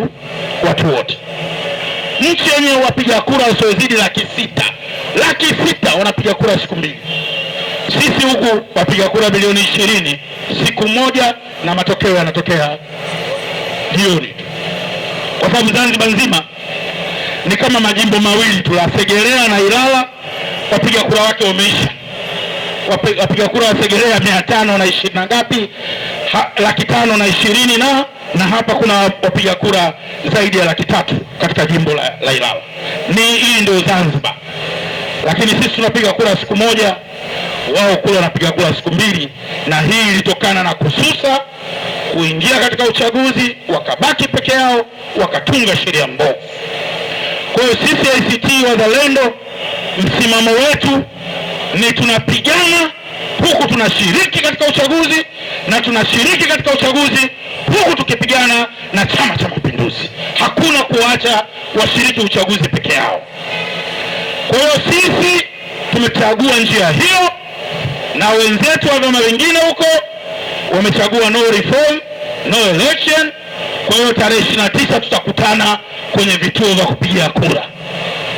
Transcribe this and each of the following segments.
watu watu wote. Nchi yenyewe wapiga kura usiozidi laki sita laki sita wanapiga kura siku mbili, sisi huku wapiga kura bilioni ishirini siku moja, na matokeo yanatokea jioni, kwa sababu Zanzibar nzima ni kama majimbo mawili tu la na Ilala, wapiga kura wake wameisha. Wapiga kura wasegerea mia tano na ishirini na ngapi, laki tano na ishirini na na hapa kuna wapiga kura zaidi ya laki tatu katika jimbo la, la Ilala. Ni hii ndio Zanzibar, lakini sisi tunapiga kura siku moja, wao kule wanapiga kura siku mbili, na hii ilitokana na kususa kuingia katika uchaguzi, wakabaki peke yao, wakatunga sheria mbovu. Kwa hiyo sisi ACT Wazalendo, msimamo wetu ni tunapigana huku tunashiriki katika uchaguzi na tunashiriki katika uchaguzi huku tukipigana na Chama cha Mapinduzi. Hakuna kuacha washiriki uchaguzi peke yao. Kwa hiyo sisi tumechagua njia hiyo, na wenzetu wa vyama vingine huko wamechagua no reform, no election. Kwa hiyo tarehe ishirini na tisa tutakutana kwenye vituo vya kupiga kura,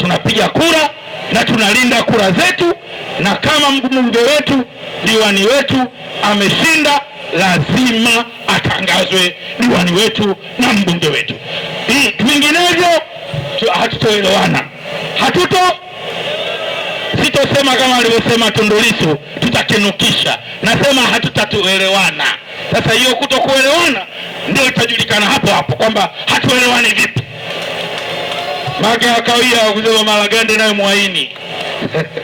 tunapiga kura na tunalinda kura zetu, na kama mbunge wetu diwani wetu ameshinda lazima atangazwe diwani wetu na mbunge wetu. Vinginevyo hatutoelewana, hatuto sitosema kama alivyosema Tundu Lissu tutakinukisha, nasema hatutatuelewana. Sasa hiyo kutokuelewana ndio itajulikana hapo hapo kwamba hatuelewani vipi. Maga ya kawia wakusema Maragande naye mwaini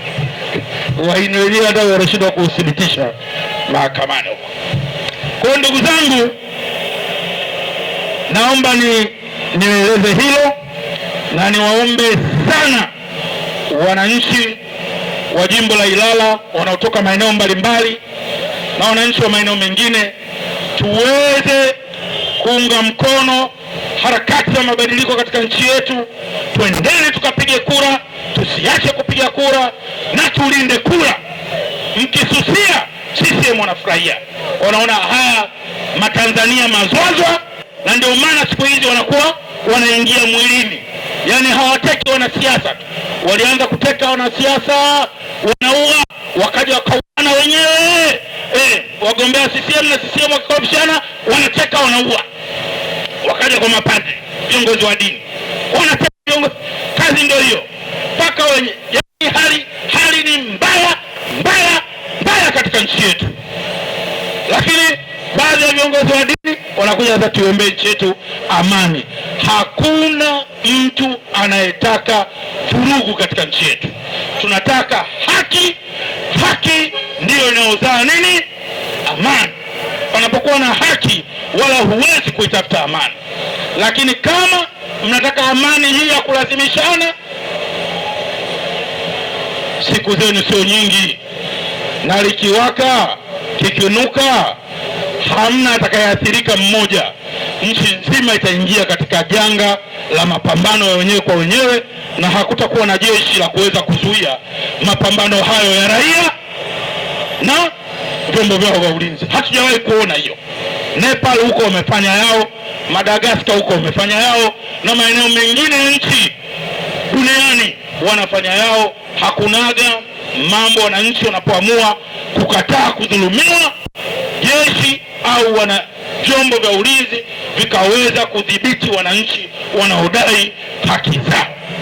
waini wenyewe hata wanashindwa kuuthibitisha mahakamani huko. Kwa ndugu zangu, naomba ni nieleze hilo na niwaombe sana wananchi wa jimbo la Ilala wanaotoka maeneo mbalimbali na wananchi wa maeneo mengine tuweze kuunga mkono harakati za mabadiliko katika nchi yetu. Twendeni tukapige kura, tusiache kupiga kura na tulinde kura. Mkisusia, CCM wanafurahia wanaona haya Matanzania mazwazwa, na ndio maana siku hizi wanakuwa wanaingia mwilini, yaani hawateki wanasiasa tu. Walianza kuteka wanasiasa, wanaua, wakaja wakauana wenyewe eh, wagombea CCM na CCM wakikorobishana, wanateka wanaua, wakaja kwa mapadri, viongozi wa dini wanateka lakini baadhi ya viongozi wa dini wanakuja sasa, tuiombee nchi yetu amani. Hakuna mtu anayetaka vurugu katika nchi yetu, tunataka haki. Haki ndiyo inayozaa nini? Amani. Panapokuwa na haki, wala huwezi kuitafuta amani. Lakini kama mnataka amani hii ya kulazimishana, siku zenu sio nyingi, na likiwaka ikinuka hamna atakayeathirika mmoja. Nchi nzima itaingia katika janga la mapambano ya wenyewe kwa wenyewe, na hakutakuwa na jeshi la kuweza kuzuia mapambano hayo ya raia na vyombo vyao vya ulinzi. Hatujawahi kuona hiyo. Nepal huko wamefanya yao, Madagaskar huko wamefanya yao, na maeneo mengine ya nchi duniani wanafanya yao. Hakunaga mambo wananchi wanapoamua kukataa kudhulumiwa, jeshi au wana vyombo vya ulinzi vikaweza kudhibiti wananchi wanaodai haki zao.